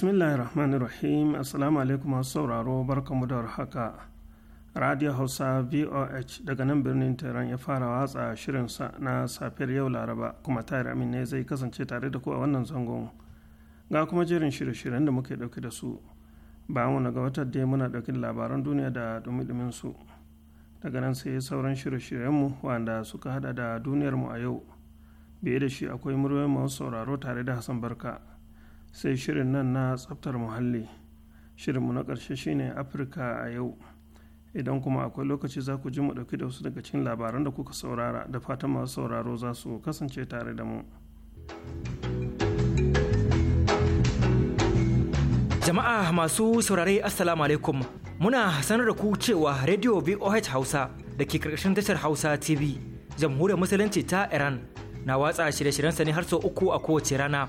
rahim assalamu alaikum masu sauraro barkamu da haka radio hausa voh daga nan birnin tehran ya fara watsa shirinsa na safiyar yau laraba kuma tare amin ne zai kasance tare da ku a wannan zangon ga kuma jerin shirye-shiryen da muke dauke da su ba mu ga watan dai muna dauke da labaran duniya da dumi dumin su daga nan sai sauran shirye-shiryenmu shiryen wanda suka hada da duniyar mu a yau biye da shi akwai muryoyin masu sauraro tare da hassan barka sai shirin nan na tsaftar muhalli shirinmu na ƙarshe shine afirka a yau idan kuma akwai lokaci za ku ji mu ɗauki da wasu daga cikin labaran da kuka saurara da fatan masu sauraro za su kasance tare da mu jama'a masu saurare assalamu alaikum muna sanar da ku cewa radio voh hausa da ke karkashin tashar hausa tv jamhuriyar musulunci ta iran na watsa shirye shiryen ne har sau uku a kowace rana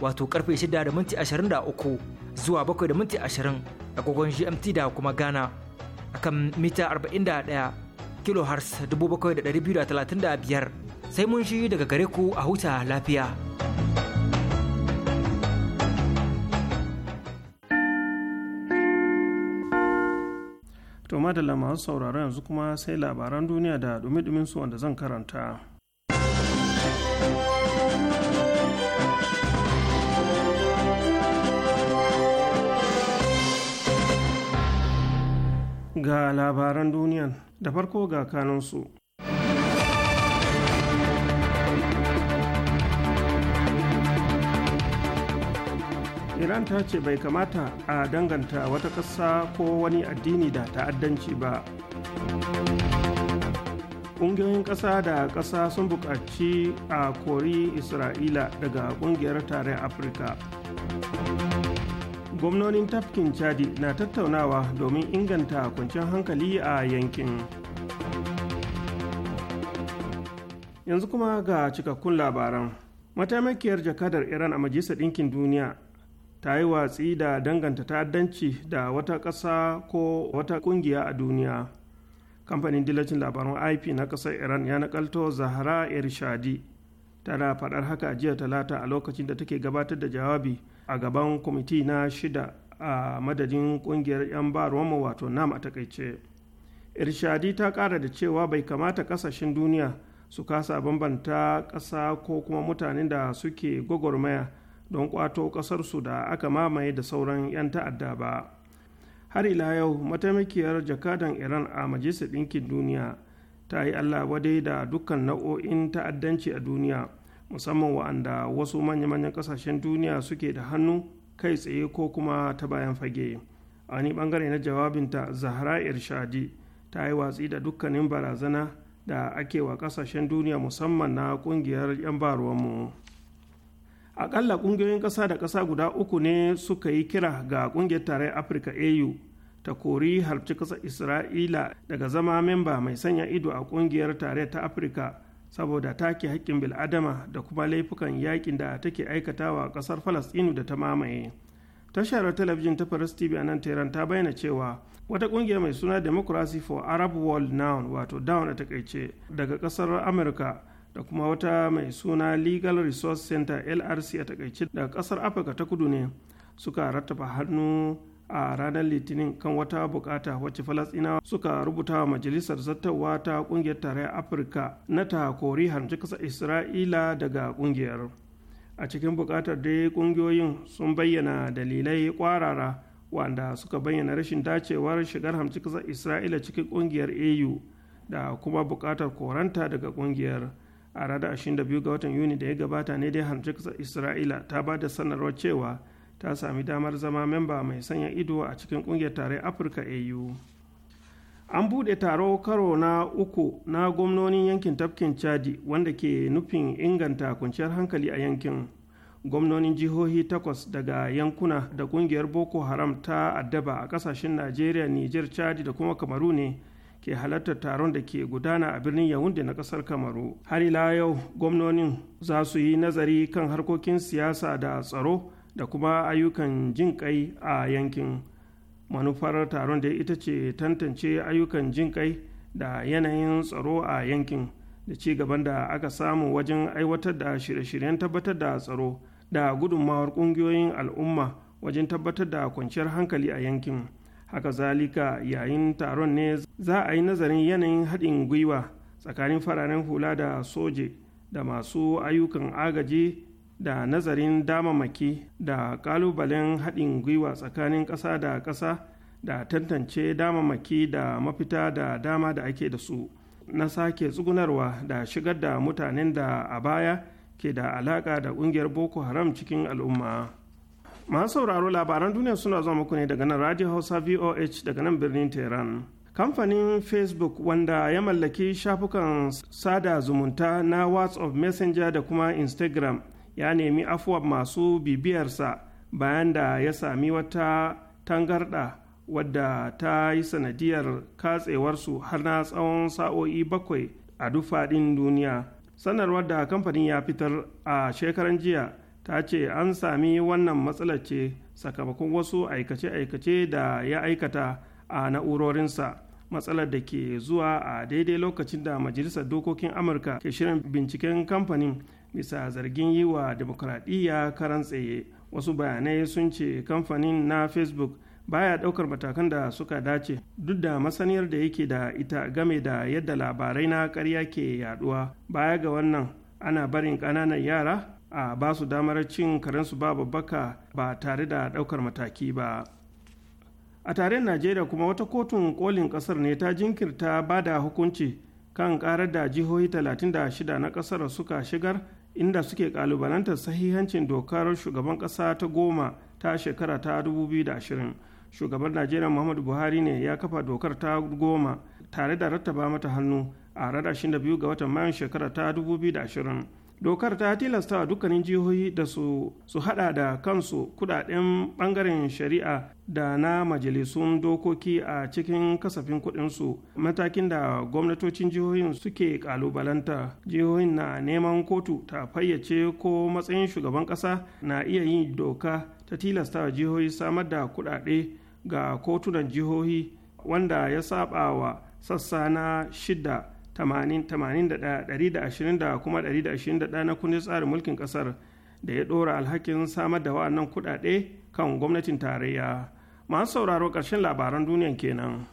wato karfe 6 da minti 23 zuwa 7:20 da minti 20 agogon GMT da kuma Ghana akan mita 41 kilohertz 7,235 sai mun shi daga gare ku a huta lafiya. To madalla masu sauraron yanzu kuma sai labaran duniya da dumi-duminsu wanda zan karanta. ga labaran duniyan da farko ga kanunsu. iran ta ce bai kamata a danganta wata ƙasa ko wani addini da ta'addanci ba ƙungiyoyin ƙasa da ƙasa sun buƙaci a kori isra'ila daga ƙungiyar tarayyar afirka gwamnonin tafkin chadi na tattaunawa domin inganta kwanciyar hankali a yankin yanzu kuma ga cikakkun labaran mataimakiyar jakadar iran a majalisar ɗinkin duniya ta yi watsi da danganta ta'addanci da wata ƙasa ko wata ƙungiya a duniya kamfanin dilacin labaran ip na ƙasar iran ya nakalto zahra irshadi tana faɗar haka a jiya talata a lokacin da take gabatar da jawabi a gaban kwamiti na shida a madadin kungiyar 'yan ba roma wato nam a takaice irshadi ta kara da cewa bai kamata kasashen duniya su kasa bambanta ƙasa ko kuma mutanen da suke gwagwarmaya don kwato ƙasarsu da aka mamaye da sauran 'yan ta'adda ba har ila yau mataimakiyar jakadan iran a majalisar ɗinkin duniya ta yi allah wadai da dukkan nau'o'in ta'addanci a duniya musamman wa'anda wasu manya-manyan kasashen duniya suke da hannu kai tsaye ko kuma ta bayan fage a wani bangare na jawabinta zahra irshadi ta yi watsi da dukkanin barazana da ake wa kasashen duniya musamman na kungiyar 'yan mu akalla kungiyoyin ƙasa da ƙasa guda uku ne suka yi kira ga kungiyar tarayyar afirka au ta kori harci ƙasar isra'ila daga zama memba mai sanya ido a kungiyar tare ta afirka saboda take haƙƙin bil'adama da kuma laifukan yakin da take aikatawa a ƙasar falastinu da ta mamaye tashar talabijin ta paris tv a nan tehran ta bayyana cewa wata ƙungiyar mai suna democracy for arab world now wato down a takaice daga ƙasar amurka da kuma wata mai suna legal resource center lrc a takaice daga ƙasar afirka ta kudu ne suka rattafa hannu a ranar litinin kan wata bukata wacce falasinawa suka rubuta wa majalisar zattawa ta kungiyar tarayyar afirka na ta kori harci kasar isra'ila daga kungiyar a cikin bukatar dai kungiyoyin sun bayyana dalilai kwarara wanda suka bayyana rashin dacewar shigar hamci kasar isra'ila cikin kungiyar au da kuma bukatar koranta daga kungiyar a ranar 22 ga watan yuni da ya gabata ne dai hamci kasar isra'ila ta ba da sanarwar cewa ta sami damar zama memba mai sanya ido a cikin kungiyar tare afirka au an buɗe taro karo na uku na gwamnonin yankin tafkin chadi wanda ke nufin inganta kwanciyar hankali a yankin gwamnonin jihohi takwas daga yankuna da kungiyar boko haram ta addaba a kasashen najeriya niger chadi da kuma kamaru ne ke halartar taron da ke gudana a birnin yawunde na kasar kamaru har ila yau gwamnonin za su yi nazari kan harkokin siyasa da tsaro da kuma ayyukan jin a yankin manufar taron da ita ce tantance ayyukan jin da yanayin tsaro a yankin da ci gaban da aka samu wajen aiwatar da shirye-shiryen tabbatar da tsaro da gudunmawar ƙungiyoyin al'umma wajen tabbatar da kwanciyar hankali a yankin haka zalika yayin taron ne za a yi nazarin yanayin haɗin gwiwa tsakanin fararen hula da soje da masu ayyukan agaji da nazarin damamaki da ƙalubalen haɗin gwiwa tsakanin ƙasa da ƙasa da tantance damamaki da mafita da dama da ake da su na sake tsugunarwa da shigar da mutanen da a baya ke da alaƙa da ƙungiyar boko haram cikin al'umma masu sauraro labaran duniya suna zuwa muku ne daga nan radio hausa voh daga nan birnin tehran kamfanin facebook wanda ya mallaki shafukan sada zumunta na whatsapp messenger da kuma instagram ya nemi afuwa masu bibiyarsa bayan da ya sami wata tangarɗa wadda ta yi sanadiyar katsewarsu har na tsawon sa'o'i bakwai a duk duniya sanarwar da kamfanin ya fitar a shekaran jiya ta ce an sami wannan matsalar ce sakamakon wasu aikace-aikace da ya aikata a na'urorinsa matsalar da ke zuwa a daidai lokacin da majalisar dokokin amurka ke shirin binciken kamfanin bisa zargin yi wa demokuraɗiyya karan tsaye wasu bayanai sun ce kamfanin na facebook baya ɗaukar matakan da suka dace duk da masaniyar da yake da ita game da yadda labarai na karya ke yaduwa baya ga wannan ana barin ƙananan yara a ba su damar cin karensu ba baka ba tare da ɗaukar mataki ba a tare najeriya kuma wata kotun kolin ƙasar ne ta jinkirta ba da hukunci kan karar da jihohi 36 na kasar suka shigar inda suke kalubalantar sahihancin dokar shugaban ƙasa ta goma ta shekara ta 2020 shugaban najeriya muhammadu buhari ne ya kafa dokar ta goma tare da rattaba mata hannu a ranar 22 ga watan mayun shekara ta 2020 dokar ta tilasta dukkanin jihohi da su su hada da kansu kudaden bangaren shari'a da na majalisun dokoki a cikin kasafin kuɗinsu matakin da gwamnatocin jihohin suke kalubalanta jihohin na neman kotu ta fayyace ko matsayin shugaban ƙasa na iya yin doka ta tilasta jihohi samar da kuɗaɗe ga kotunan jihohi wanda ya saba wa sassa na shida 80 da kuma na kundin tsarin mulkin ƙasar, da ya ɗora alhakin samar da wa'annan kuɗaɗe kan gwamnatin tarayya masu sauraro ƙarshen labaran duniyan kenan.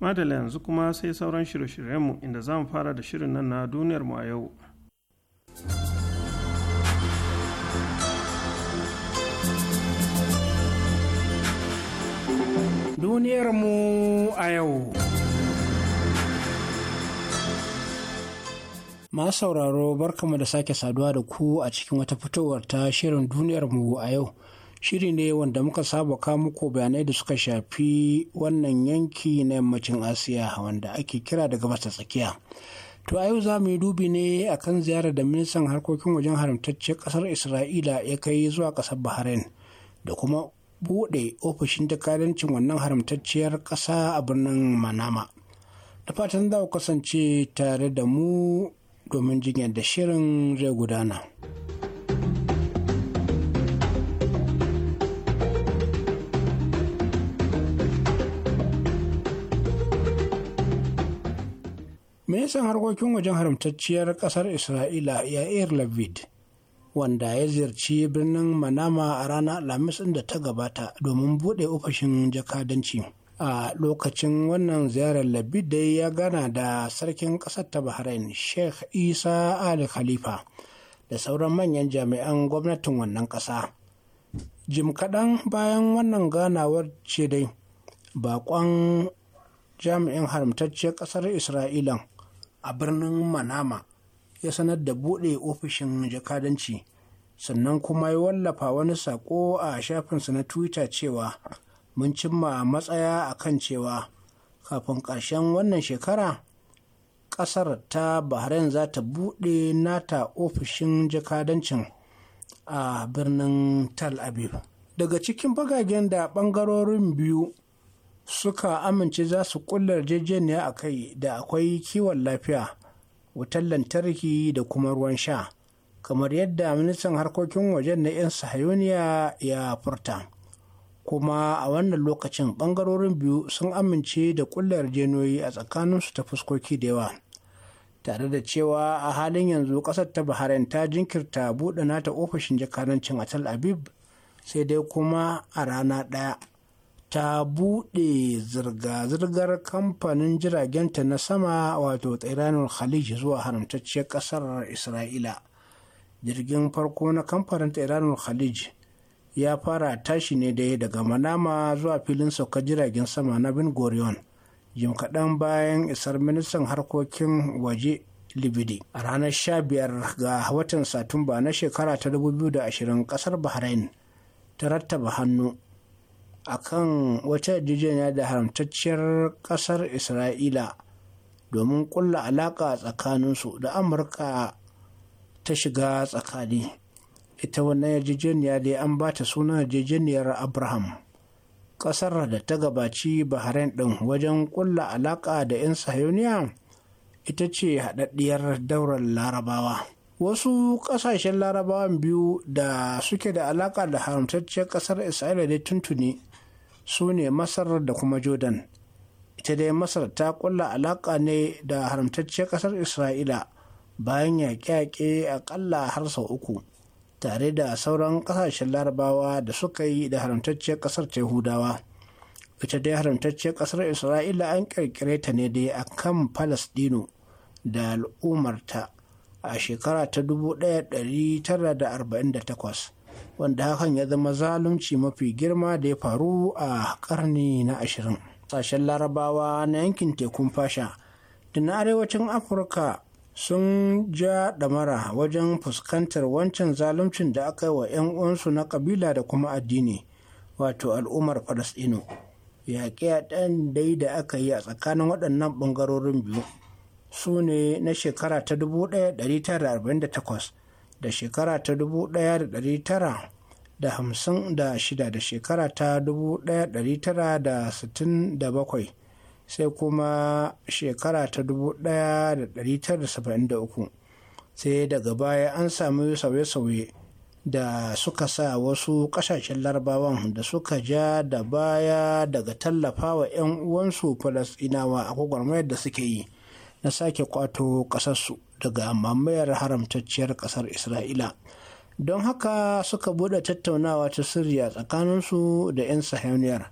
madala yanzu kuma sai sauran shirye-shiryenmu inda za mu fara da shirin nan na duniyarmu a yau. Duniyarmu a yau. Ma sauraro barkamu da sake saduwa da ku a cikin wata fitowar ta shirin duniyarmu a yau. Shiri ne wanda muka saba ka muku bayanai da suka shafi wannan yanki na yammacin Asiya wanda ake kira da gabas ta tsakiya. To a yau za mu yi dubi ne akan ziyarar da ministan harkokin wajen haramtacciyar ƙasar Isra'ila ya kai zuwa ƙasar Bahrain da kuma buɗe ofishin jakadancin wannan haramtacciyar ƙasa a birnin Manama. Da fatan za ku kasance tare da mu domin jin yadda shirin zai gudana. Ministan harkokin wajen haramtacciyar ƙasar Isra'ila ya Yair Lavid, wanda ya ziyarci birnin Manama a ranar Alhamis da ta gabata domin buɗe ofishin jakadanci. a lokacin wannan ziyarar labidai ya gana da sarkin ƙasar ta bahrain sheikh isa ali khalifa da sauran manyan jami'an gwamnatin wannan ƙasa jim kaɗan bayan wannan ganawar ce dai bakon jami'in haramtacciyar ƙasar isra'ila a birnin manama ya sanar da buɗe ofishin jakadanci sannan kuma ya wallafa wani saƙo a shafinsa na twitter cewa mun cimma matsaya a kan cewa kafin ƙarshen wannan shekara ƙasar ta bahrain za ta buɗe nata ofishin jakadancin a birnin Tal aviv daga cikin bagagen da ɓangarorin biyu suka amince za su ƙulla yarjejeniya a kai da akwai kiwon lafiya wutar lantarki da kuma ruwan sha kamar yadda ministan harkokin wajen na 'yan sahayoniya ya furta kuma a wannan lokacin bangarorin biyu sun amince da ƙullar yarjejeniyoyi a tsakaninsu ta fuskoki da yawa tare da cewa a halin yanzu kasar ta bahrain ta jinkirta buɗe nata ofishin jakarancin a tel aviv sai dai kuma a rana ɗaya ta buɗe zirga-zirgar kamfanin jiragenta na sama wato tsiranin khalij zuwa haramtacciyar ƙasar isra'ila jirgin farko na kamfanin tsiranin khalij ya fara tashi ne dai daga manama zuwa filin sauka jiragen sama na bin gorion jim kaɗan bayan isar ministan harkokin waje libidi a ranar 15 ga watan satumba na shekara ta 2020 kasar bahrain ta rattaba hannu a kan wata yarjejeniya da haramtacciyar kasar isra'ila domin kulla alaƙa tsakaninsu da amurka ta shiga tsakani ita wannan yarjejeniya dai an ba ta sunan yarjejeniyar abraham ƙasar da ta gabaci bahrain ɗin wajen ƙulla alaƙa da 'yan sahiyoniya ita ce haɗaɗɗiyar daular larabawa wasu ƙasashen larabawan biyu da suke da alaƙa da haramtacciyar ƙasar isra'ila da tuntuni su ne masar da kuma jordan ita dai masar ta ƙulla alaƙa ne da haramtacciyar ƙasar isra'ila bayan yaƙe-yaƙe aƙalla har sau uku tare da sauran kasashen larabawa da suka yi da haramtacciyar kasar ta yahudawa ita dai haramtacciyar kasar isra'ila an kirkire ta ne dai a kan palestino da al'ummarta a shekara ta 1948 wanda hakan ya zama zalunci mafi girma da ya faru a karni na ashirin. sashen larabawa na yankin tekun fasha da arewacin afirka sun ja ɗamara wajen fuskantar wancan zaluncin da aka yi wa 'yan uwansu na kabila da kuma addini wato al'ummar Yaƙi yaƙe ɗan dai da aka yi a tsakanin waɗannan ɓangarorin biyu su ne na shekara ta 1948 da shekara ta 1956 da shekara ta 1967 sai kuma shekara ta 1973 sai daga baya an sami sauye-sauye da suka sa wasu kasashen larabawan da suka ja da baya daga tallafawa 'yan uwansu falasinawa a gwagwarmayar da suke yi na sake kwato ƙasarsu daga mamayar haramtacciyar ƙasar isra'ila don haka suka buɗe tattaunawa ta sirri a tsakaninsu da 'yan sahaniyar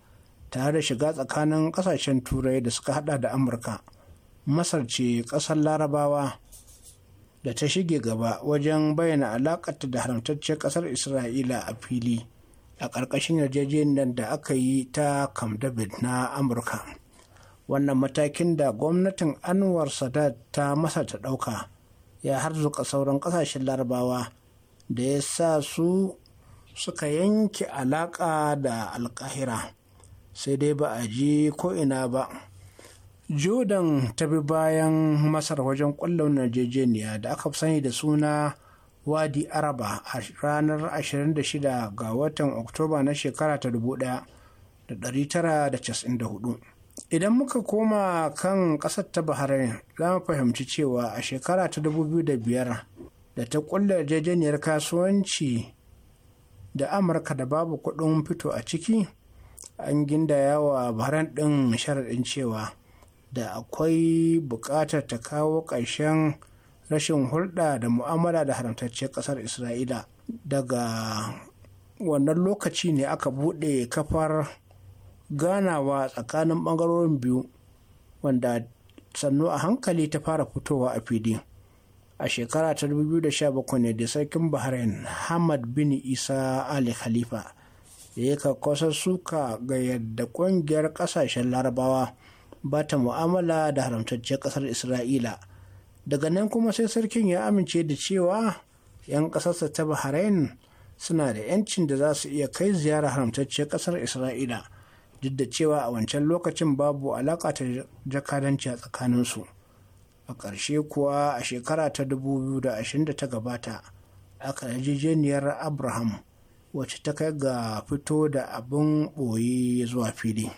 tare da shiga tsakanin kasashen turai da suka hada da amurka masar ce kasar larabawa da ta shige gaba wajen bayyana alakata da haramtacciyar kasar isra'ila a fili a ƙarƙashin yarjejeniyar da aka yi ta camp david na amurka wannan matakin da gwamnatin anwar sadat ta masa ta ɗauka ya harzuka sauran ƙasashen larabawa da ya sa su suka yanke alaƙa da alkahira sai dai ba a ji ko'ina ba jordan ta bi bayan masar wajen kwallon najejeniya da aka sani da suna wadi araba a ranar 26 ga watan oktoba na shekara ta 1994 idan muka koma kan ƙasar ta bahrain za mu fahimci cewa a shekara ta 2005 da ta ƙulla yarjejeniyar kasuwanci da amurka da babu kuɗin fito a ciki an gindaya wa baran ɗin sharaɗin cewa da akwai buƙatar ta kawo ƙarshen rashin hulɗa da mu'amala da haramtacciyar ƙasar isra'ila daga wannan lokaci ne aka buɗe kafar ganawa tsakanin ɓangarorin biyu wanda sannu a hankali ta fara fitowa a fili a shekara ta 2017 ne da sarkin bahrain hamad bin isa ali khalifa ya yi suka ga yadda ƙungiyar ƙasashen larabawa ba ta mu'amala da haramtacciyar ƙasar isra'ila daga nan kuma sai sarkin ya amince da cewa 'yan ƙasarsa ta bahrain suna da 'yancin da za su iya kai ziyara haramtacciyar ƙasar isra'ila duk da cewa a wancan lokacin babu alaƙa ta jakadanci a tsakaninsu a ƙarshe kuwa a shekara ta 2020 ta gabata aka yarjejeniyar abraham wacce ta kai ga fito da abin ɓoye zuwa fili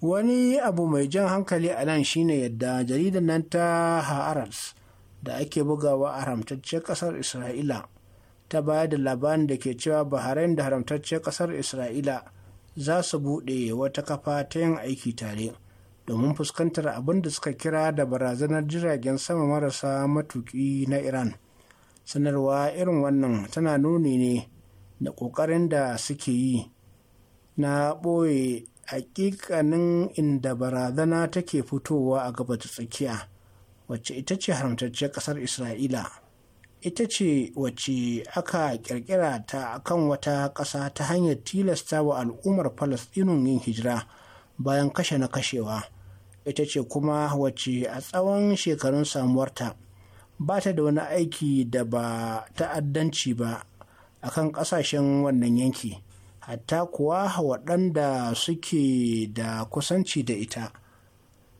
wani abu mai jan hankali a nan shine yadda jaridar nan ta ha'aras da ake bugawa a haramtacciyar kasar isra'ila ta bayar da labarin da ke cewa bahrain da haramtacciyar kasar isra'ila za su buɗe wata kafa ta yin aiki tare domin fuskantar abin da suka kira da barazanar jiragen sama marasa matuki na iran sanarwa irin wannan tana nuni ne da ƙoƙarin da suke yi na ɓoye hakikanin inda barazana take fitowa a gaba ta tsakiya wacce ita ce haramtacciyar ƙasar isra'ila ita ce wacce aka kirkira ta kan wata ƙasa ta hanyar tilasta wa al'ummar falasɗinun yin hijira bayan kashe na kashewa ita ce kuma wacce a tsawon shekarun samuwarta ba ta da wani aiki da ba ta'addanci ba akan kan ƙasashen wannan yanki hatta kuwa waɗanda suke da kusanci da ita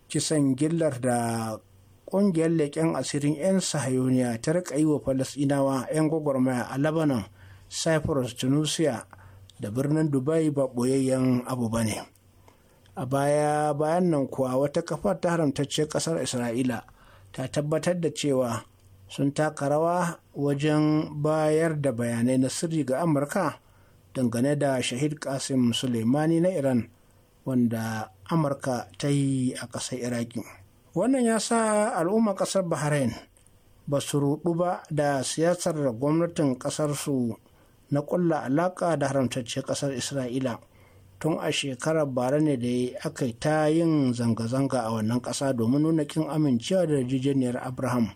kisan gillar da ƙungiyar leƙen asirin 'yan sahayoniya ta rika yi wa falasɗinawa 'yan gwagwarmaya a lebanon cyprus tunisia da birnin dubai ba ɓoyayyen abu ba ne a baya bayan nan kuwa wata kafar ta haramtacce ƙasar isra'ila ta tabbatar da cewa sun taka rawa wajen bayar da bayanai na sirri ga amurka dangane da shahid kasim suleimani na iran wanda amurka ta yi a ƙasar iraki. wannan ya sa al'ummar ƙasar bahrain ba su rudu ba da siyasar gwamnatin ƙasarsu na ƙulla alaƙa da haramtacce ƙasar isra'ila tun a shekarar bara ne da aka yi ta yin zanga-zanga a wannan ƙasa domin nuna kin amincewa da jijiyar abraham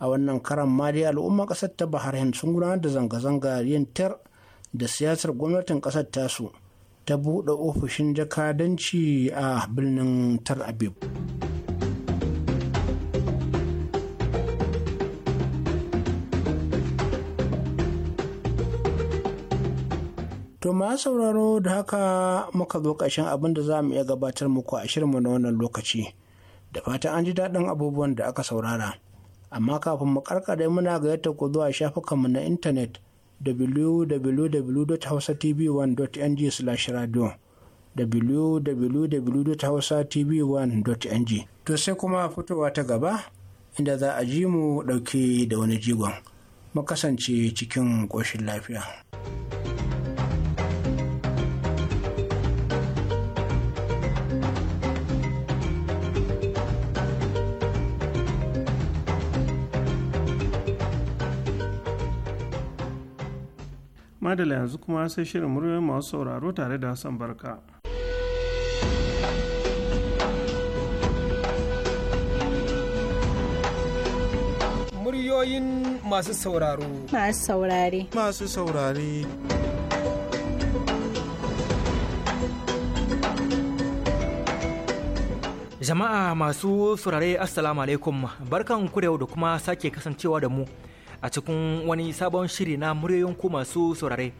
a wannan karan ma dai al'ummar ƙasar ta bahrain sun gudanar da zanga-zanga yin tar da siyasar gwamnatin ƙasar tasu ta buɗe ofishin jakadanci a birnin tar abib ma sauraro da haka muka zo ƙarshen abin da za mu iya gabatar muku a shirinmu na wannan lokaci da fatan an ji daɗin abubuwan da aka saurara amma kafin mu karkare muna ga yadda ku zuwa shafukanmu na intanet www.hausatv1.ng/radio www.hausatv1.ng to sai kuma fitowa ta gaba inda za a ji mu ɗauke da wani jigon mu kasance cikin ƙoshin lafiya. madala yanzu kuma sai shirin muryoyin masu sauraro tare da hassan barka muryoyin masu sauraro masu saurare masu saurare jama'a masu surare assalamu alaikum barkan ku da kuma sake kasancewa da mu a cikin wani sabon shiri na muryoyin ku masu saurare.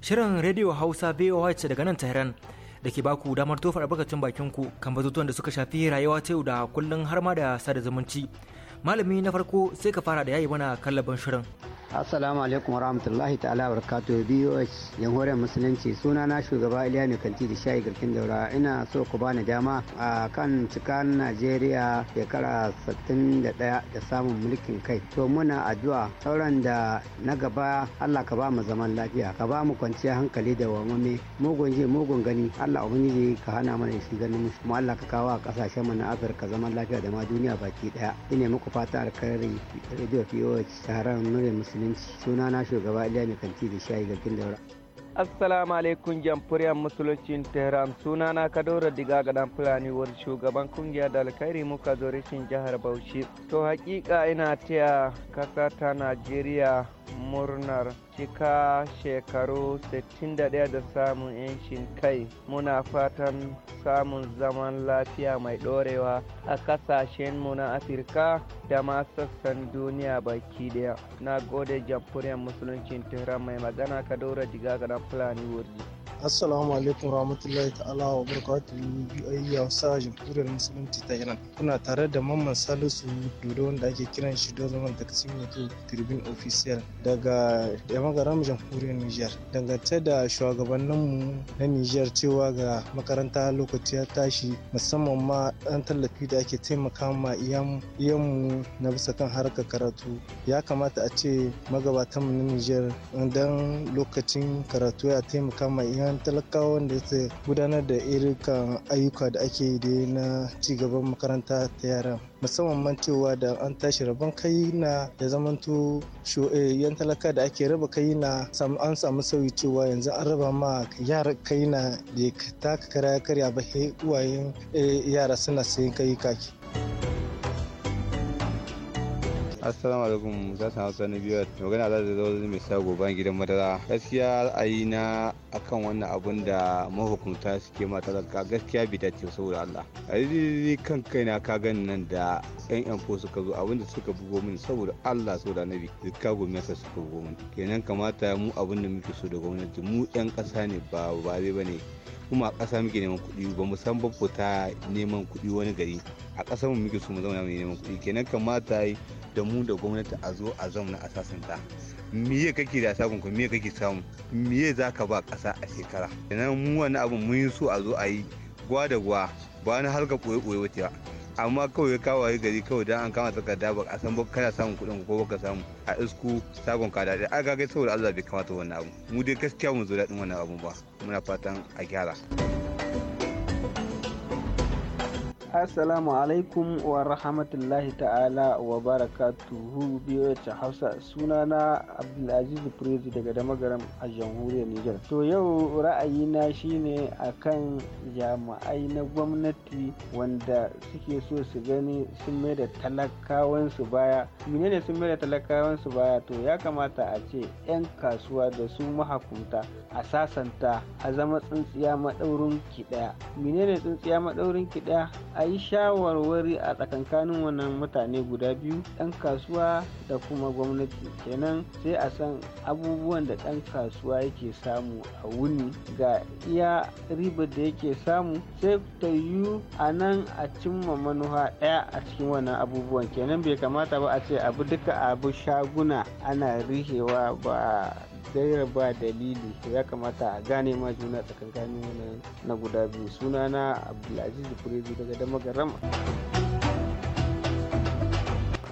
Shirin rediyo Hausa VOH daga nan Tehran da ke baku damar tofa albarkacin bakin ku kan batutuwan da suka shafi rayuwa ta yau da kullun har ma da sada zumunci. Malami na farko sai ka fara da yayi mana kallaban shirin. Assalamu alaikum warahmatullahi ta'ala barakatuh bos Jamhuriyar Musulunci suna na shugaba Iliya mai kanti da shayi garkin daura ina so ku bani dama a kan cikan Najeriya shekara 61 da samun mulkin kai to muna addu'a sauran da na gaba Allah ka ba mu zaman lafiya ka ba mu kwanciya hankali da wamame mugun ji mugun gani Allah ubangiji ka hana mana shi ganin mu kuma Allah ka kawo a kasashen mu na Afirka zaman lafiya da ma duniya baki daya ina muku fata alkhairi radio BOH taron Musulunci musulunci na shugaba iliya mai kanti da shayi garkin daura assalamu alaikum jamhuriyar musuluncin tehran suna na kadora diga gadan fulani wani shugaban kungiyar da alkhairi muka zo rashin jihar bauchi to hakika ina taya kasa ta najeriya murnar cika shekaru 61 da samun 'yancin kai muna fatan samun zaman lafiya mai ɗorewa a kasashen mu na afirka da ma sassan duniya baki daya na gode jamhuriyar musuluncin tehran mai magana kadora jiga na fulani wurji assalamu alaikum rahmatullahi ta'ala wa barakatu biyu hausa jamhuriyar musulunci ta iran kuna tare da mamman salisu dodo wanda ake kiran shi don zaman ta kasim yake tribune official daga yamagaram jamhuriyar niger dangance da shugabanninmu na niger cewa ga makaranta lokaci ya tashi musamman ma dan tallafi da ake taimaka ma mu na bisa kan harkar karatu ya kamata a ce mu na niger dan lokacin karatu ya taimaka ma iyan wajen talakawa wanda ta gudanar da irin ayyuka da ake yi dai na cigaban makaranta ta yara musamman man cewa da an tashi rabon kai na ya zamanto eh, yan talaka da ake raba kai na an samu sauyi cewa yanzu an raba ma yara kai na da ta karya karya ba uwayen eh, yara suna sayan kai kaki. assalamu alaikum su hausa na biyar magana za ta zo mai sa goban gidan madara gaskiya ra'ayi na akan wannan abun da mahukunta suke ma zarka gaskiya bi ta ce saboda Allah a yi kan kaina ka gani nan da yan yan fo suka zo abin da suka bugo min saboda Allah saboda annabi zikka gwamnati suka bugo min kenan kamata mu abin da muke so da gwamnati mu yan kasa ne ba ba ne kuma a ƙasa muke neman kuɗi ba mu san babu ta neman kuɗi wani gari a ƙasa mu muke so mu zauna mai neman kuɗi kenan kamata da mu da gwamnati a zo a zauna a sasanta miye kake da sakon ku miye kake samu miye za ka ba ƙasa a shekara kenan mu wani abu mun so a zo a yi gwa da gwa ba na halka ɓoye-ɓoye wata amma kawai ya kawaye gari kawai don an kama takarda ba a san ba kana samun kuɗin ko baka samu a isku sabon ka daɗi a gagai saboda Allah bai kamata wannan abu mu dai gaskiya mun zo daɗin wannan abu ba muna fatan a gyara. Assalamu alaikum wa rahmatullahi ta'ala wa barakatuhu biyo ta Hausa sunana Abdulaziz Prezi daga Damagaram a jamhuriyar Nijar. To yau ra'ayina shine akan jami'ai na gwamnati wanda suke so su gani sun mai da talakawansu baya. Menene sun mai da talakawansu baya to ya kamata a ce 'yan kasuwa da su mahakunta a sasanta a zama tsintsiya maɗaurin ki Menene tsintsiya maɗaurin a yi shawarwari a tsakankanin wannan mutane guda biyu ɗan kasuwa da kuma gwamnati kenan sai a san abubuwan da ɗan kasuwa yake samu a wuni ga iya ribar da yake samu sai ta yi a nan a cimma manuha ɗaya a cikin wannan abubuwan kenan bai kamata ba a ce abu duka abu shaguna ana rihewa ba gaira ba dalili ya kamata a gane ma juna tsakankanin na guda biyu sunana abdulaziz furezi daga damagaram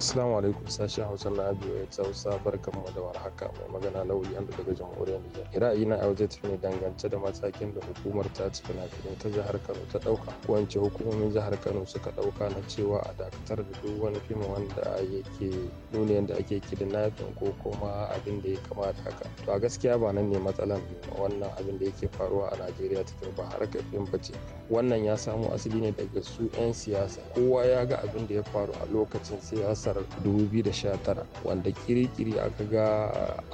Assalamu alaikum sashen Hausa na Abiyo ya barkan mu da warhaka mai magana lauyi an daga jamhuriyar Nijar. Ra'ayi na Abuja ta ne dangance da matakin da hukumar ta ci na ta jihar Kano ta dauka. Ko in hukumomin jihar Kano suka dauka na cewa a dakatar da duk wani fim wanda yake nuna yadda ake kidnapping ko kuma abin da ya kamata. haka. To a gaskiya ba nan ne matsalan wannan abin da yake faruwa a Najeriya ta ba harkar fim ba Wannan ya samo asali ne daga su 'yan siyasa. Kowa ya ga abin da ya faru a lokacin siyasa shekarar 2019 wanda kirikiri aka ga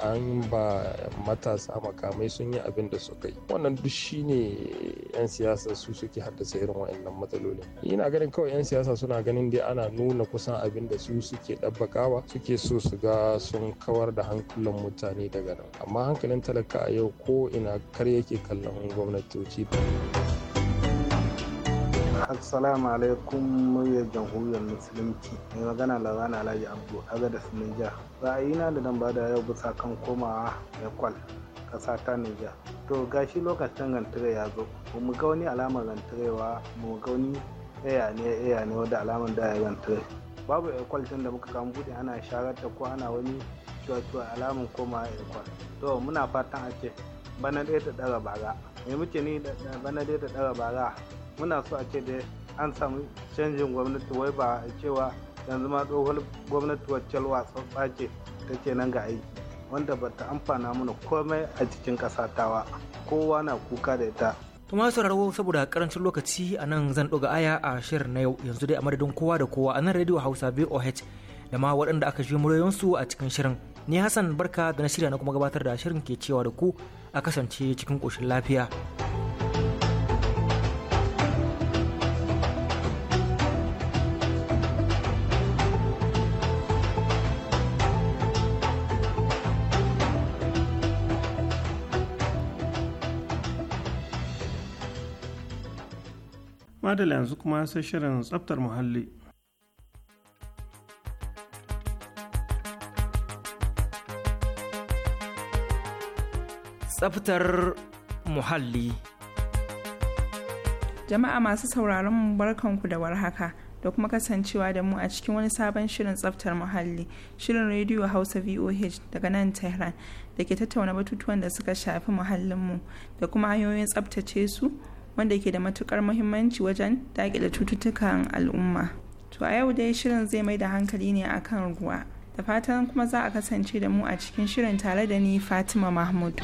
an ba matasa makamai sun yi abin da suka yi wannan duk shine 'yan siyasa su suke haddasa irin wa'annan matsalolin ina ganin kawai 'yan siyasa suna ganin dai ana nuna kusan abin da su suke ɗabbakawa suke so su ga sun kawar da hankulan mutane daga nan amma hankalin talaka a yau ko ina kar yake kallon gwamnatoci assalamu alaikum muryar jamhuriyar musulunci mai magana lazana alhaji abdu agadas niger na da nan bada yau bisa kan komawa nepal ƙasa ta niger to gashi lokacin gantare ya zo ba mu ga wani alamar ba mu ga wani eya ne eya ne wanda alamar da ya gantare babu nepal tun da muka kama buɗe ana sharar ta ko ana wani cuwa-cuwa alamar komawa nepal to muna fatan a ce bana ɗaya ta ɗara bara me muke ni bana ɗaya ta ɗara bara muna so a ce da an samu canjin gwamnati wai ba cewa yanzu ma tsohon gwamnati wacce wasan ce take nan ga aiki wanda ba ta amfana mana komai a cikin kasatawa kowa na kuka da ita kuma sauraro saboda karancin lokaci a nan zan ɗoga aya a shirin na yau yanzu dai a madadin kowa da kowa a nan radio hausa boh da ma waɗanda aka shi muryoyinsu a cikin shirin ni hassan barka da na shirya na kuma gabatar da shirin ke cewa da ku a kasance cikin koshin lafiya da yanzu kuma sai shirin tsaftar muhalli tsaftar muhalli jama'a masu sauraron barkanku da warhaka da kuma kasancewa da mu a cikin wani sabon shirin tsaftar muhalli shirin rediyo hausa voh daga nan tehran da ke tattauna batutuwan da suka shafi muhallinmu da kuma hanyoyin tsaftace su wanda ke da matukar muhimmanci wajen da cututtukan al'umma to a yau dai shirin zai mai da hankali ne a kan ruwa da fatan kuma za a kasance da mu a cikin shirin tare da ni fatima mahmud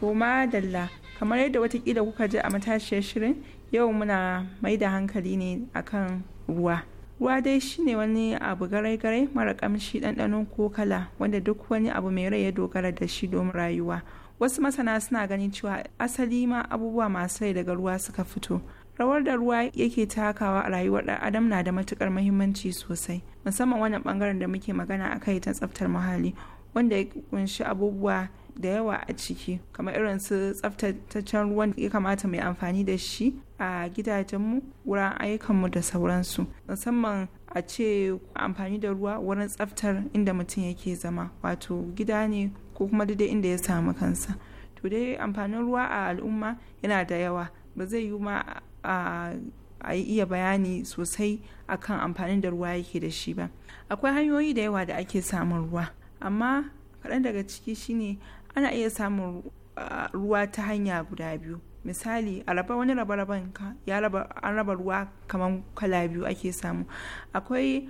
Koma dalla kamar yadda watakila kuka ji a matashiyar shirin yau muna mai da hankali ne akan ruwa ruwa dai shine wani abu garai-garai mara kamshi ɗanɗano ko kala wanda duk wani abu mai rai ya dogara da shi domin rayuwa wasu masana suna ganin cewa asali ma abubuwa masu rai daga ruwa suka fito rawar da ruwa yake takawa a rayuwar ɗan adam na da matukar mahimmanci sosai musamman wannan bangaren da muke magana akai ta tsaftar muhalli wanda ya kunshi abubuwa da yawa a ciki kamar irin su tsaftataccen ruwan ya kamata mai amfani da shi a gidajenmu wurin ayyukanmu da sauransu musamman a ce amfani da ruwa wurin tsaftar inda mutum yake zama wato gida ne ko kuma daidai inda ya samu kansa to dai amfanin ruwa a al'umma yana da yawa ba zai yi ma a a iya bayani sosai akan amfanin da ruwa yake da shi ba akwai hanyoyi da yawa da ake samun ruwa amma kaɗan daga ciki shine ana iya samun ah, ruwa ta hanya guda biyu misali a raba wani raba-raban ya raba raba ruwa kamar kala biyu ake samu akwai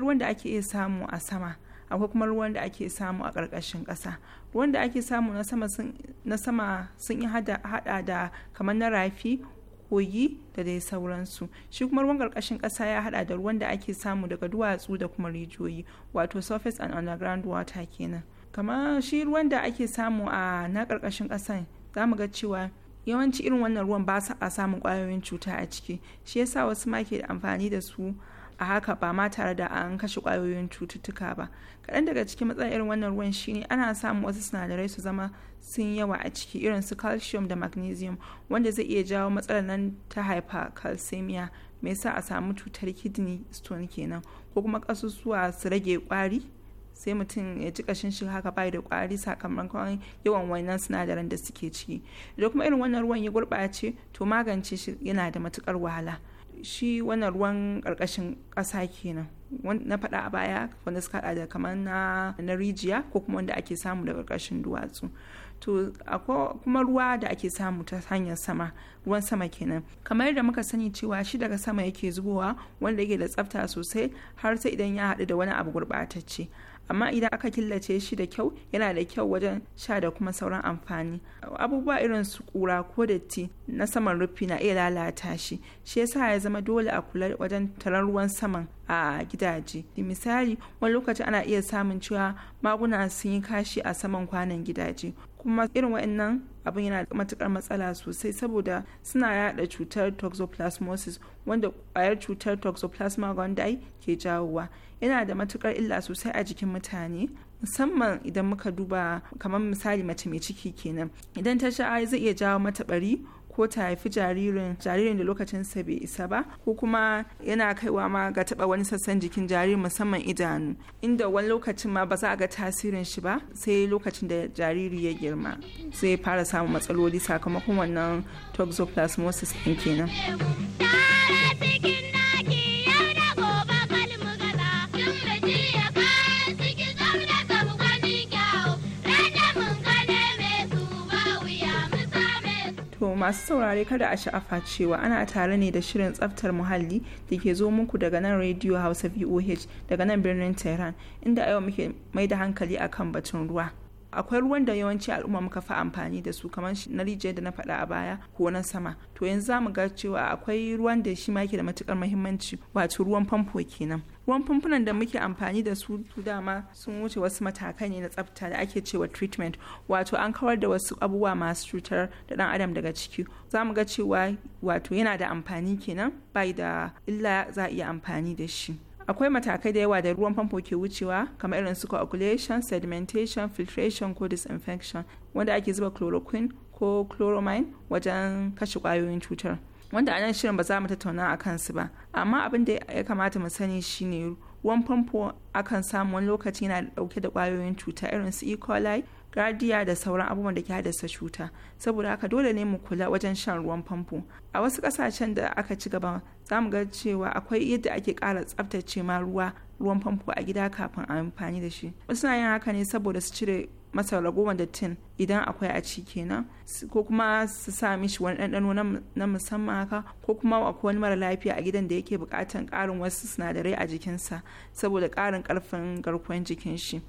ruwan da ake iya samu a sama akwai kuma ruwan da ake samu a ƙarƙashin ƙasa ruwan da ake samu na sama sun yi hada da kamar na rafi kogi da dai sauransu shi kuma ruwan ƙarƙashin ƙasa ya hada da ruwan da ake samu daga duwatsu da kuma rijiyoyi wato surface and underground water kenan kamar shi ruwan da ake samu a na karkashin ƙasan za mu ga cewa yawanci irin wannan ruwan ba a samun kwayoyin cuta a ciki shi yasa wasu ma ke amfani da su a haka ba ma tare da an kashe kwayoyin cututtuka ba kaɗan daga cikin matsalar irin wannan ruwan shine ana samun wasu sinadarai su zama sun yawa a ciki irin su calcium da magnesium wanda zai iya jawo matsalar nan ta hypercalcemia mai sa a samu cutar kidney stone kenan ko kuma ƙasusuwa su rage kwari. sai mutum ya ci kashin shi haka bai da kwari sakamakon yawan wannan sinadaran da suke ciki da kuma irin wannan ruwan ya gurɓace to magance shi yana da matukar wahala shi wannan ruwan ƙarƙashin ƙasa kenan na faɗa a baya wanda suka da kamar na rijiya ko kuma wanda ake samu da ƙarƙashin duwatsu to akwai kuma ruwa da ake samu ta hanyar sama ruwan sama kenan kamar yadda muka sani cewa shi daga sama yake zubowa wanda yake da tsafta sosai har sai idan ya haɗu da wani abu gurɓatacce amma idan aka killace shi da kyau yana da kyau wajen sha da kuma sauran amfani abubuwa irin su kura ko datti na saman rufi na iya lalata shi shi yasa ya zama dole a kula wajen tarar ruwan saman a gidaje misali wani lokaci ana iya samun cewa maguna sun yi kashi a saman kwanan gidaje kuma irin wa'annan abin yana da matukar matsala sosai saboda suna yada cutar toxoplasmosis wanda kwayar cutar toxoplasma gondii ke jawowa yana da matukar illa sosai a jikin mutane musamman idan muka duba kamar misali mace mai ciki kenan idan ta sha zai iya jawo mata bari ko ta haifi jaririn jaririn da lokacin sa bai isa ba ko kuma yana kaiwa ma ga taba wani sassan jikin jariri musamman idanu inda wani lokacin ma ba za a ga tasirin shi ba sai lokacin da jariri ya girma zai fara samun matsaloli sakamakon wannan toxoplasmosis din kenan. masu saurare kada a sha'afa cewa ana tare ne da shirin tsaftar muhalli da ke zo muku daga nan radio hausa voh daga nan birnin tehran inda a yau muke mai da hankali akan batun ruwa akwai ruwan da yawanci al'umma muka fi amfani da su kamar na rijiyar da na faɗa a baya ko na sama to yanzu za mu ga cewa akwai ruwan da shi ma yake da matukar mahimmanci wato ruwan famfo kenan ruwan famfunan da muke amfani da su dama sun wuce wasu matakai ne na tsafta da ake cewa treatment wato an kawar da wasu abubuwa masu cutar da dan adam daga ciki za mu ga cewa wato yana da amfani kenan bai da illa za a iya amfani da shi akwai matakai da yawa da ruwan famfo ke wucewa kamar irin su coagulation sedimentation filtration ko disinfection wanda ake zuba chloroquine ko chloramine wajen kashe kwayoyin cutar wanda anan shirin ba za mu tattauna a kansu ba amma abin da ya kamata mu sani shine ruwan famfo akan samu wani lokaci yana dauke da kwayoyin cuta irin su e. coli gardiya da sauran abubuwan da ke haddasa cuta saboda haka dole ne mu kula wajen shan ruwan famfo a wasu kasashen da aka ci gaba za mu ga cewa akwai yadda ake kara tsaftace ma ruwa ruwan famfo a gida kafin a amfani da shi wasu na yin haka ne saboda su cire masa ragowar dattin idan akwai a ci kenan ko kuma su sa mishi wani ɗanɗano na musamman haka ko kuma akwai wani mara lafiya a gidan da yake buƙatar ƙarin wasu sinadarai a jikinsa saboda ƙarin ƙarfin garkuwar jikin shi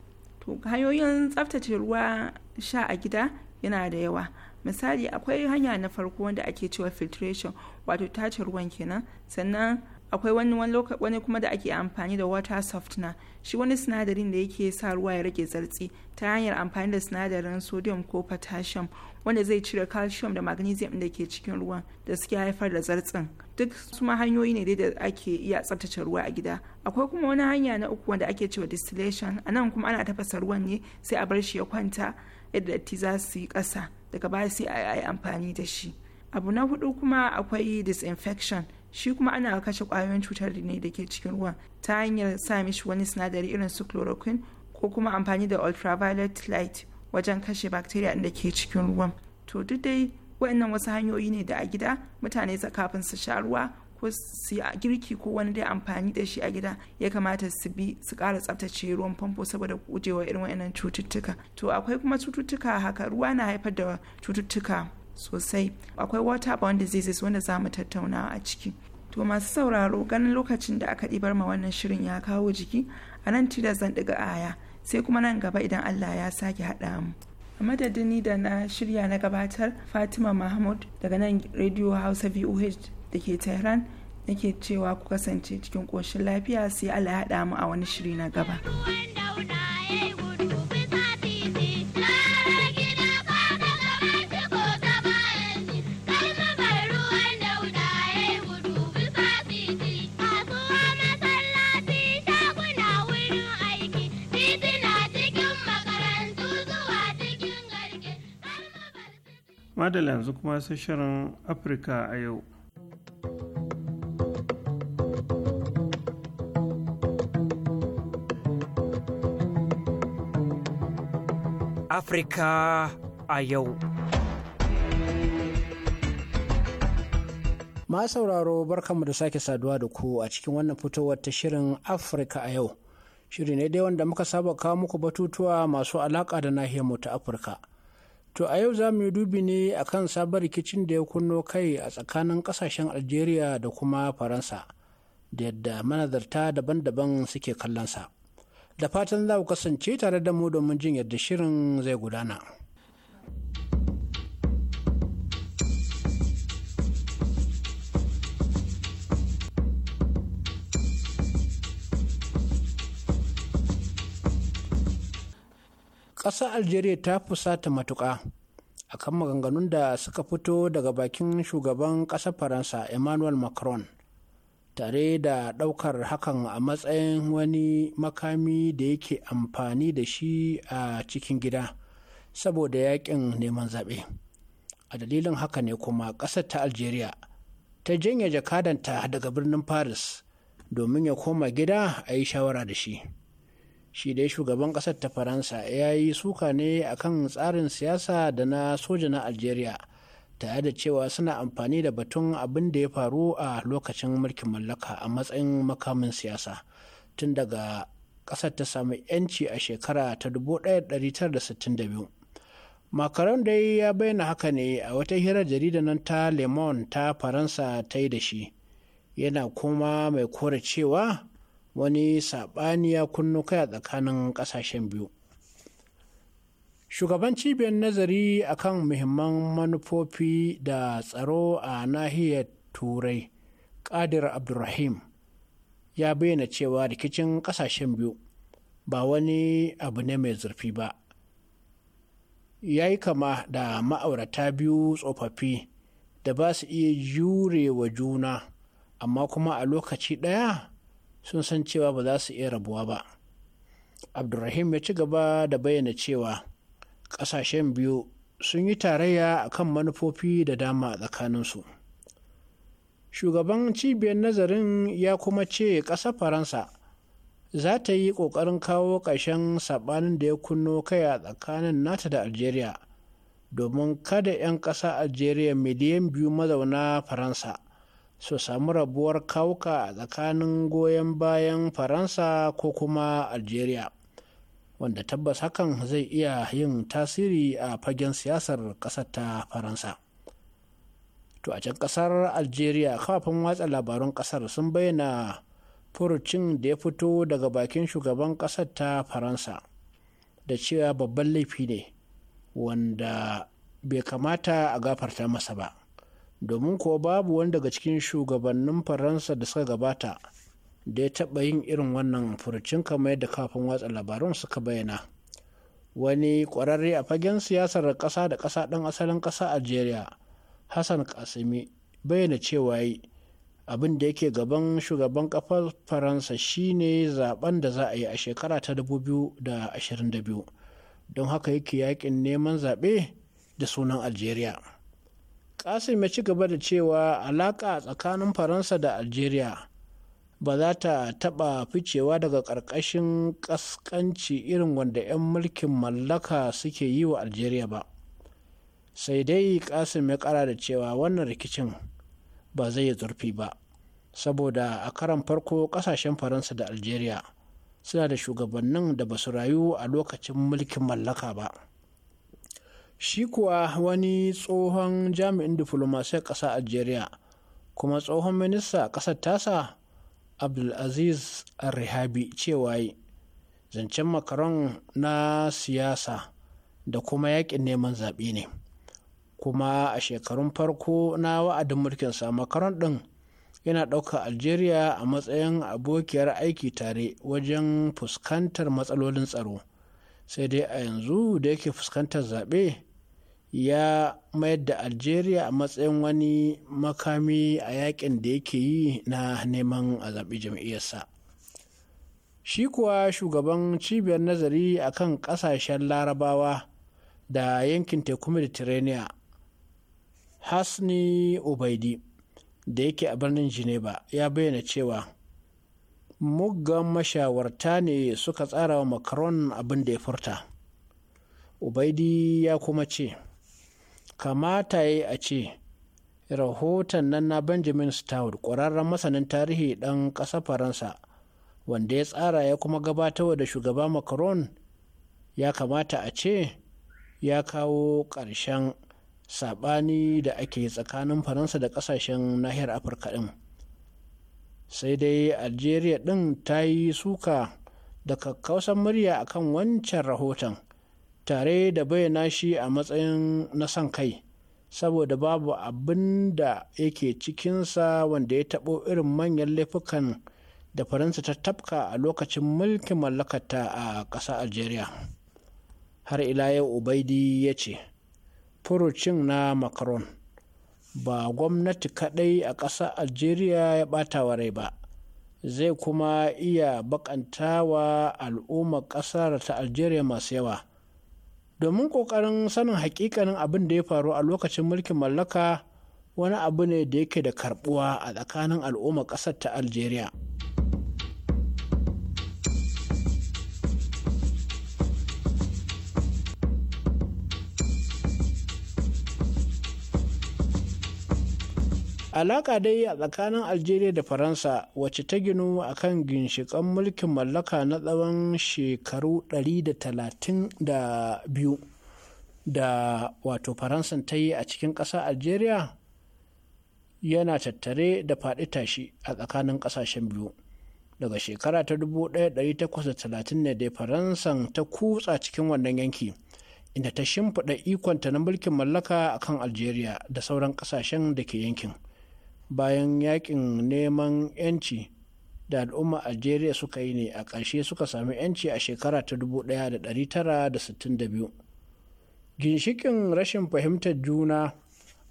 to hanyoyin tsaftace ruwa sha a gida yana da yawa misali akwai hanya na farko wanda ake cewa filtration wato tace ruwan kenan sannan akwai wani wani kuma da ake amfani da water softener shi wani sinadarin da yake sa ruwa ya rage zartsi ta hanyar amfani da sinadarin sodium ko potassium wanda zai cire calcium da magnesium da ke cikin ruwan da suke haifar da zartsin duk su ma hanyoyi ne dai da ake iya tsabtace ruwa a gida akwai kuma wani hanya na uku wanda ake cewa distillation a nan kuma ana tafasa ruwan ne sai a bar shi ya kwanta yadda datti za su yi kasa daga baya sai a yi amfani da shi abu na hudu kuma akwai disinfection shi kuma ana kashe kwayoyin cutar ne da ke cikin ruwan ta hanyar sa mishi wani sinadari irin su chloroquine ko kuma amfani da ultraviolet light wajen kashe bacteria da ke cikin ruwan to duk dai wa'annan wasu hanyoyi ne da a gida mutane su kafin su sha ruwa ko su yi girki ko wani dai amfani da shi a gida ya kamata su bi su ƙara tsaftace ruwan famfo saboda gujewa irin wa'annan cututtuka to akwai kuma cututtuka haka ruwa na haifar da cututtuka sosai akwai waterborne diseases wanda za mu tattauna a ciki to masu sauraro ganin lokacin da aka ɗibar ma wannan shirin ya kawo jiki a nan tilas zan ɗiga aya sai kuma nan gaba idan allah ya sake haɗa mu a madadini da na shirya na gabatar fatima mahmud daga nan radio hausa voh da ke tehran nake cewa ku kasance cikin ƙoshin lafiya sai allah ya haɗa mu a wani shiri na gaba. madala yanzu kuma sai shirin afirka a yau afirka a yau ma sauraro barkanmu da sake saduwa da ku a cikin wannan fitowar ta shirin afirka a yau shiri ne dai wanda muka saba kawo muku batutuwa masu alaƙa da nahiyar mu ta afirka To a yau za mu yi dubi ne a kan sabon rikicin da ya kunno kai a tsakanin kasashen Algeria da kuma Faransa, da yadda manazarta daban-daban suke kallonsa. Da fatan za ku kasance tare da mu domin jin yadda shirin zai gudana. ƙasar algeria ta fusata matuƙa a kan maganganun da suka fito daga bakin shugaban ƙasar faransa emmanuel macron tare da ɗaukar hakan a matsayin wani makami da yake amfani da shi a cikin gida saboda yakin neman zaɓe a dalilin haka ne kuma ƙasar ta algeria ta janye jakadanta daga birnin paris domin ya koma gida a yi shawara da shi. shi dai shugaban kasar ta faransa ya yi suka ne akan tsarin siyasa da na soja na algeria tare da cewa suna amfani da batun abin da ya faru a lokacin mulkin mallaka a matsayin makamin siyasa tun daga kasar ta samu 'yanci a shekara ta 1962 makaron dai ya bayyana haka ne a wata hirar jaridar nan ta le ta faransa ta yi da shi yana kuma mai kore cewa wani saɓani ya kunno kai a tsakanin ƙasashen biyu shugaban cibiyar nazari akan muhimman manufofi da tsaro a nahiyar turai kadir abdulrahim ya bayyana cewa rikicin ƙasashen biyu ba wani abu ne mai zurfi ba ya yi kama da ma'aurata biyu tsofaffi da ba su iya jure wa juna amma kuma a lokaci ɗaya sun san cewa ba za su iya rabuwa ba abdulrahim ya ci gaba da bayyana cewa ƙasashen biyu sun yi tarayya a kan manufofi da dama a tsakaninsu shugaban cibiyar nazarin ya kuma ce ƙasar faransa za ta yi ƙoƙarin kawo ƙarshen saɓanin da ya kunno kai a tsakanin nata da algeria domin kada 'yan ƙasa algeria miliyan biyu mazauna faransa su samu rabuwar kauka a tsakanin goyon bayan faransa ko kuma algeria wanda tabbas hakan zai iya yin tasiri a fagen siyasar ƙasar ta faransa to a can ƙasar algeria kafin watsa labarun ƙasar sun bayyana furucin da ya fito daga bakin shugaban ƙasar ta faransa da cewa babban laifi ne wanda bai kamata a gafarta masa ba domin kuwa babu wani daga cikin shugabannin faransa da suka gabata da ya taɓa yin irin wannan furucin kamar yadda kafin watsa labarun suka bayyana wani ƙwararre a fagen siyasar ƙasa da ƙasa ɗan asalin ƙasa algeria hassan kasimi bayyana cewa yi abin da yake gaban shugaban kafar faransa shine zaben da za a yi a shekara ta 2022 don haka yake yakin neman zaɓe da sunan algeria kasim ya ci gaba da cewa alaƙa tsakanin faransa da algeria ba za ta taɓa ficewa daga ƙarƙashin ƙasƙanci irin wanda 'yan mulkin mallaka suke yi wa algeria ba sai dai kasim ya ƙara da cewa wannan rikicin ba zai yi zurfi ba saboda a karan farko ƙasashen faransa da algeria suna da shugabannin da ba su rayu a lokacin mulkin mallaka ba. shi kuwa wani tsohon jami'in diflomasiyar ƙasa algeria kuma tsohon minista a ƙasar tasa abdulaziz rihabi cewa yi zancen makaron na siyasa da kuma yaƙin neman zaɓe ne kuma a shekarun farko na wa'adin mulkinsa makaron ɗin yana ɗaukar algeria a matsayin abokiyar aiki tare wajen fuskantar matsalolin tsaro sai dai a yanzu da yake fuskantar zaɓe ya mayar da algeria a matsayin wani makami a yakin da yake yi na neman a zaɓi jam'iyyarsa shi kuwa shugaban cibiyar nazari a kan ƙasashen larabawa da yankin teku mediterranean hasni ubaidi da yake a birnin geneva ya bayyana cewa muggan mashawarta ne suka tsara wa macron abin da ya furta ubaidi ya kuma ce kamata ya yi a ce rahoton nan na benjamin stout ƙwararren masanin tarihi ɗan ƙasa faransa wanda ya tsara ya kuma gabatarwa da shugaba macron ya kamata a ce ya kawo ƙarshen saɓani da ake tsakanin faransa da ƙasashen nahiyar afirka ɗin sai dai algeria ɗin ta yi suka da kakkausan murya akan wancan rahoton tare da bayyana shi a matsayin na son kai saboda babu abin da yake cikinsa wanda ya taɓo irin manyan laifukan da faransa ta tafka a lokacin mulkin mallakata a ƙasa algeria har ila yau ubaidi ya ce furucin na macron ba gwamnati kaɗai a ƙasa algeria ya ɓata wa rai ba zai kuma iya baƙantawa al'ummar ƙasar ta algeria masu yawa domin ƙoƙarin sanin hakikanin abin da ya faru a lokacin mulkin mallaka wani abu ne da yake da karbuwa a tsakanin al'ummar ƙasar ta algeria alaka dai a tsakanin algeria da faransa wacce ta ginu a kan ginshiƙan mulkin mallaka na tsawon shekaru 132 da wato faransa ta yi a cikin ƙasa algeria yana tattare da faɗi tashi a tsakanin ƙasashen biyu daga shekara ta 1830 ne da faransan ta kutsa cikin wannan yanki inda ta shimfiɗa ikonta na mulkin mallaka a kan algeria da sauran ƙasashen da ke yankin bayan yakin neman 'yanci da al'umma algeria suka yi ne a ƙarshe suka sami 'yanci a shekara ta 1962 ginshikin rashin fahimtar juna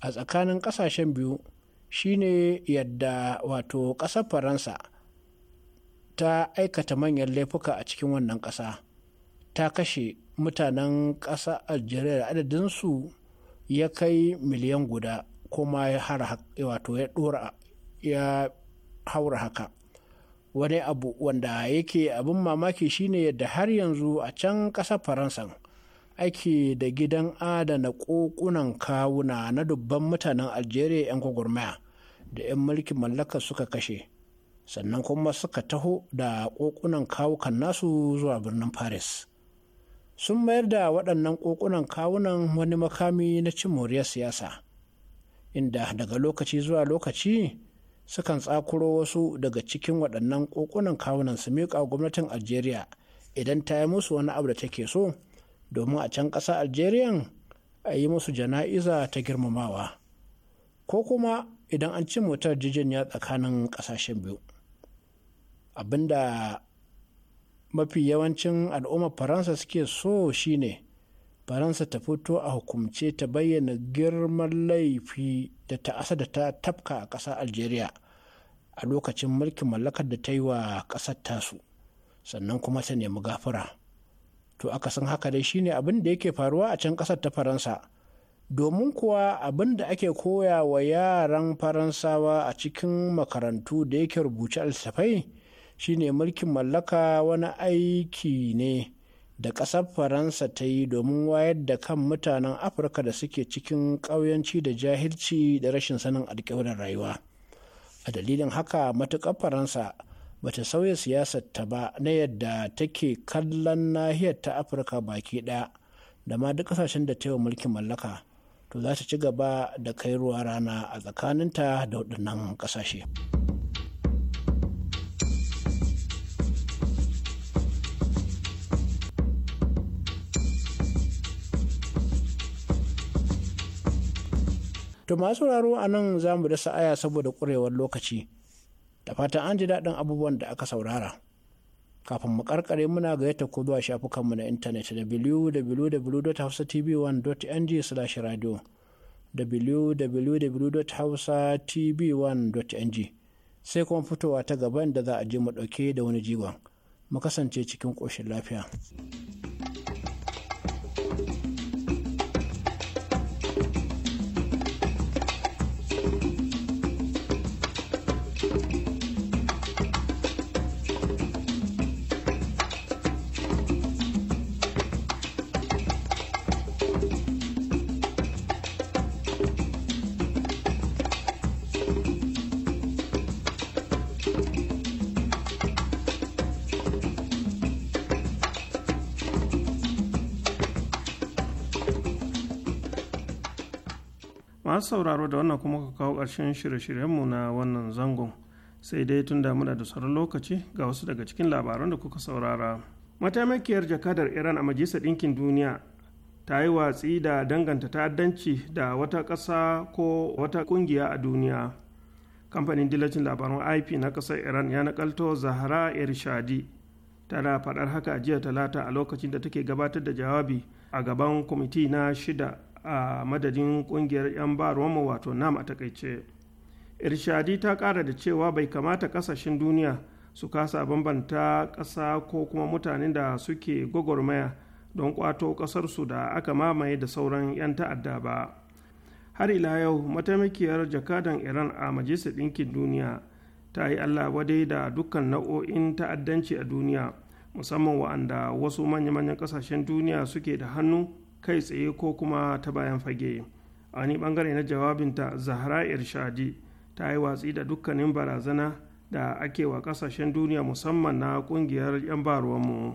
a tsakanin ƙasashen biyu shine yadda wato ƙasar faransa ta aikata manyan laifuka a cikin wannan ƙasa ta kashe mutanen ƙasa algeria adadinsu ya kai miliyan guda kuma ya hara wato ya dora ya haura haka wani abu wanda yake abin mamaki shine yadda har yanzu a can ƙasar faransan ake da gidan adana kokunan kawuna na dubban mutanen algeria 'yan gwagwarmaya da 'yan mulkin mallaka suka kashe sannan kuma suka taho da kokunan kawukan nasu zuwa birnin paris sun mayar da waɗannan kokunan kawunan wani makami na cin moriyar siyasa inda daga lokaci zuwa lokaci sukan tsakuro wasu daga cikin waɗannan kokunan kawunan su miƙa gwamnatin algeria idan ta yi musu wani abu da take so domin a can ƙasa algeria a yi musu jana'iza ta girmamawa ko kuma idan an ci motar jijiniya tsakanin ƙasashen biyu abinda mafi yawancin al'ummar faransa suke so shine faransa ta fito a hukumce ta bayyana girman laifi da ta'asa da ta tafka a ƙasar algeria a lokacin mulkin mallakar da ta yi wa ƙasar tasu sannan kuma ta nemi gafara to san haka dai shine abin da yake faruwa a can ƙasar ta faransa domin kuwa abin da ake koya wa yaran faransawa a cikin makarantu da yake rubuce alsafai shine mulkin mallaka wani aiki ne da ƙasar faransa ta yi domin wayar da kan mutanen afirka da suke cikin ƙauyanci da jahilci da rashin sanin alƙawarin rayuwa a dalilin haka matuƙar faransa bata sauya siyasar ta ba na yadda take kallon nahiyar ta afirka baki ɗaya da ma duk ƙasashen da ta yi mulkin mallaka to za ta ci gaba da kai ruwa rana a tsakaninta da waɗannan ƙasashe. to masu sauraro a nan za mu dasa aya saboda kurewar lokaci da fatan an ji daɗin abubuwan da aka saurara kafin mu karkare muna gayyata ko zuwa shafukanmu na intanet www.hausatv1.ng/radio www.hausatv1.ng sai kuma fitowa ta gaban da za a je mu ɗauke da wani jigon mu kasance cikin ƙoshin lafiya. masu sauraro da wannan kuma ka kawo ƙarshen shirye-shiryenmu na wannan zangon sai dai tun da muna da sauran lokaci ga wasu daga cikin labaran da kuka saurara mataimakiyar jakadar iran a majalisar ɗinkin duniya ta yi watsi da danganta ta'addanci da wata ƙasa ko wata ƙungiya a duniya kamfanin dilacin labaran ip na ƙasar iran ya nakalto zahra irshadi tana faɗar haka jiya talata a lokacin da take gabatar da jawabi a gaban kwamiti na shida a madadin kungiyar 'yan ba roma wato nam a takaice irshadi ta kara da cewa bai kamata kasashen duniya su kasa bambanta ƙasa ko kuma mutanen da suke gwagwarmaya don kwato ƙasarsu da aka mamaye da sauran 'yan ta'adda ba har ila yau mataimakiyar jakadan iran a majalisar ɗinkin duniya ta yi allah wadai da dukkan nau'o'in ta'addanci a duniya musamman wa'anda wasu manya-manyan ƙasashen duniya suke da hannu kai tsaye ko kuma ta bayan fage a wani bangare na jawabinta zahra irshadi ta yi watsi da dukkanin barazana da ake wa kasashen duniya musamman na kungiyar 'yan mu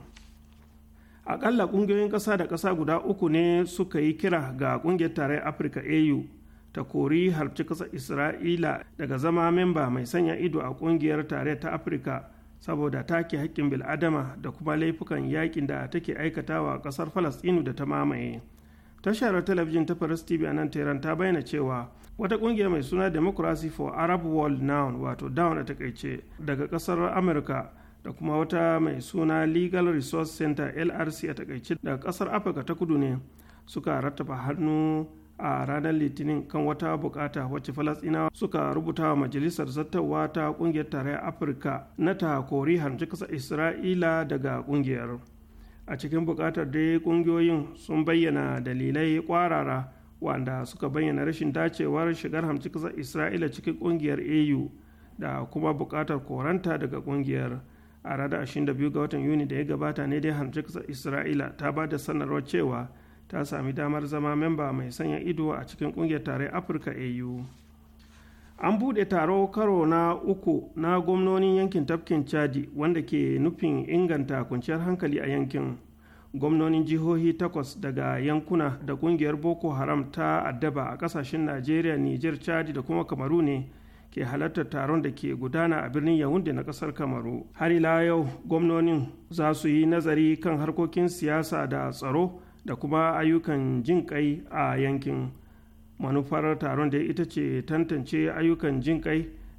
akalla kungiyoyin kasa da kasa guda uku ne suka yi kira ga kungiyar tarayyar afirka au ta kori harci kasar isra'ila daga zama memba mai sanya ido a kungiyar tare ta afirka saboda take haƙƙin bil'adama da kuma laifukan yakin da take aikatawa a ƙasar falastinu da ta mamaye tashar talabijin ta paris tv a nan teran ta bayyana cewa wata ƙungiya mai suna democracy for arab world now wato down a takaice daga ƙasar amurka da kuma wata mai suna legal resource center lrc a takaice daga ƙasar afirka ta kudu ne suka rattaba hannu a ranar litinin kan wata bukata wacce falasinawa suka rubuta wa majalisar zattawa ta kungiyar tarayyar afirka na ta kori harci kasa isra'ila daga ƙungiyar. a cikin bukatar dai kungiyoyin sun bayyana dalilai ƙwarara, wanda suka bayyana rashin dacewar shigar hamci Kasa isra'ila cikin kungiyar au da kuma bukatar koranta daga kungiyar a ranar 22 ga watan yuni da ya gabata ne dai hamci Kasa isra'ila ta ba da sanarwar cewa ta sami damar zama memba mai sanya ido a cikin kungiyar tare afirka au an buɗe taro karo na uku na gwamnonin yankin tafkin chadi wanda ke nufin inganta kwanciyar hankali a yankin gwamnonin jihohi takwas daga yankuna da kungiyar boko haram ta addaba a kasashen najeriya niger chadi da kuma kamaru ne ke halartar taron da ke gudana a birnin yawunde na kasar kamaru har ila yau gwamnonin za su yi nazari kan harkokin siyasa da tsaro da kuma ayyukan jin a yankin manufar taron da ita ce tantance ayyukan jin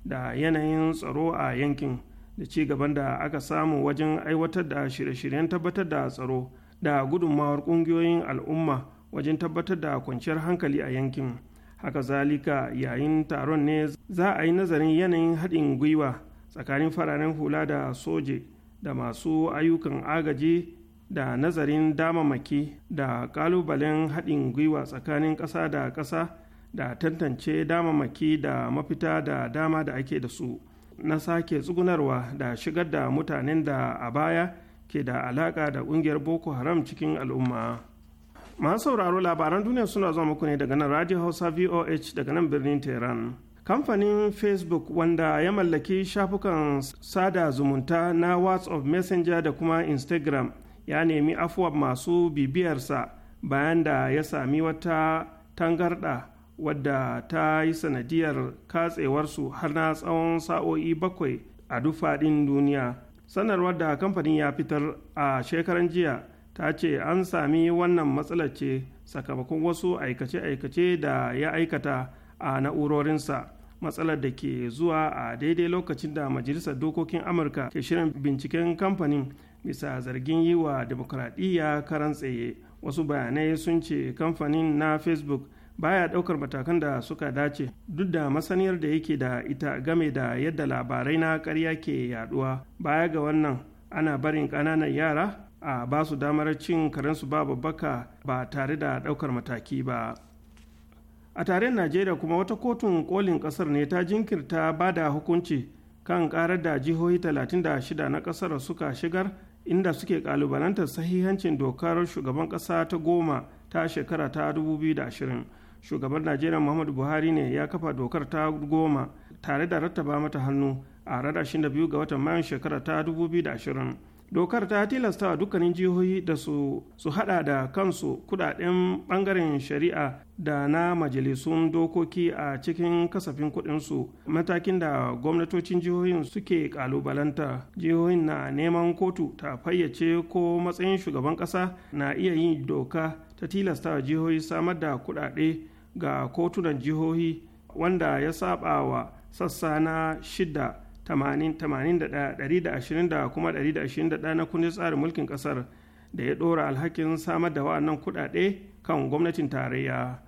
da yanayin tsaro a yankin da ci gaban da aka samu wajen aiwatar da shirye-shiryen tabbatar da tsaro da gudunmawar ƙungiyoyin al'umma wajen tabbatar da kwanciyar hankali a yankin haka zalika yayin taron ne za a yi nazarin yanayin haɗin gwiwa tsakanin fararen hula da soje da masu ayyukan agaji da nazarin damamaki da ƙalubalen haɗin gwiwa tsakanin ƙasa da ƙasa da tantance damamaki da mafita da dama da ake da su na sake tsugunarwa da shigar da mutanen da a baya ke da alaƙa da ƙungiyar boko haram cikin al'umma masu sauraro labaran duniya suna zuwa muku ne daga nan radio hausa voh daga nan birnin tehran kamfanin facebook wanda ya mallaki shafukan sada zumunta na whatsapp messenger da kuma instagram ya nemi afuwa masu bibiyarsa bayan da ya sami wata tangarɗa wadda ta yi sanadiyar katsewarsu har na tsawon sa'o'i bakwai a dufaɗin duniya sanarwar da kamfanin ya fitar a shekaran jiya ta ce an sami wannan matsalar ce sakamakon wasu aikace-aikace da ya aikata a na'urorinsa matsalar da ke zuwa a daidai lokacin da majalisar dokokin amurka ke shirin binciken kamfanin bisa zargin yi wa demokuraɗiyya karan tsaye wasu bayanai sun ce kamfanin na facebook baya ɗaukar matakan da suka dace duk da masaniyar da yake da ita game da yadda labarai na ƙarya ke yaduwa baya ga wannan ana barin ƙananan yara a ba su damar cin karensu ba babbaka ba tare da ɗaukar mataki ba a tare najeriya kuma wata kotun kolin ƙasar ne ta jinkirta ba da hukunci kan karar da jihohi 36 na kasar suka shigar inda suke kalubalantar sahihancin dokar shugaban ƙasa ta goma ta shekara ta 2020 shugaban najeriya muhammadu buhari ne ya kafa dokar ta goma tare da rattaba mata hannu a da 22 ga watan mayan shekara ta 2020 dokar ta tilasta dukkanin jihohi da su su hada da kansu kudaden bangaren shari'a da na majalisun dokoki a cikin kasafin kudinsu matakin da gwamnatocin jihohin suke kalubalanta jihohin na neman kotu ta fayyace ko matsayin shugaban kasa na iya yin doka ta tilasta jihohi samar da kudade ga kotunan jihohi wanda ya saba wa sassa na shida 80 kuma 121 na kundin tsarin mulkin kasar da ya dora alhakin samar da wa'annan kudade kan gwamnatin tarayya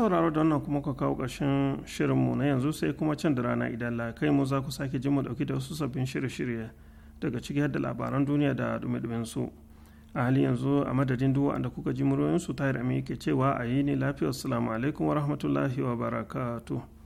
sauraro da wannan kuma ka kawo ƙarshen shirinmu na yanzu sai kuma can da rana idan la kai mu za ku sake jin mu dauki da wasu sabbin shirye-shirye daga ciki da labaran duniya da dumi su a halin yanzu a madadin duk da kuka ji muryoyinsu tahir amin ke cewa a yi ne lafiyar salamu alaikum wa rahmatullahi wa barakatuh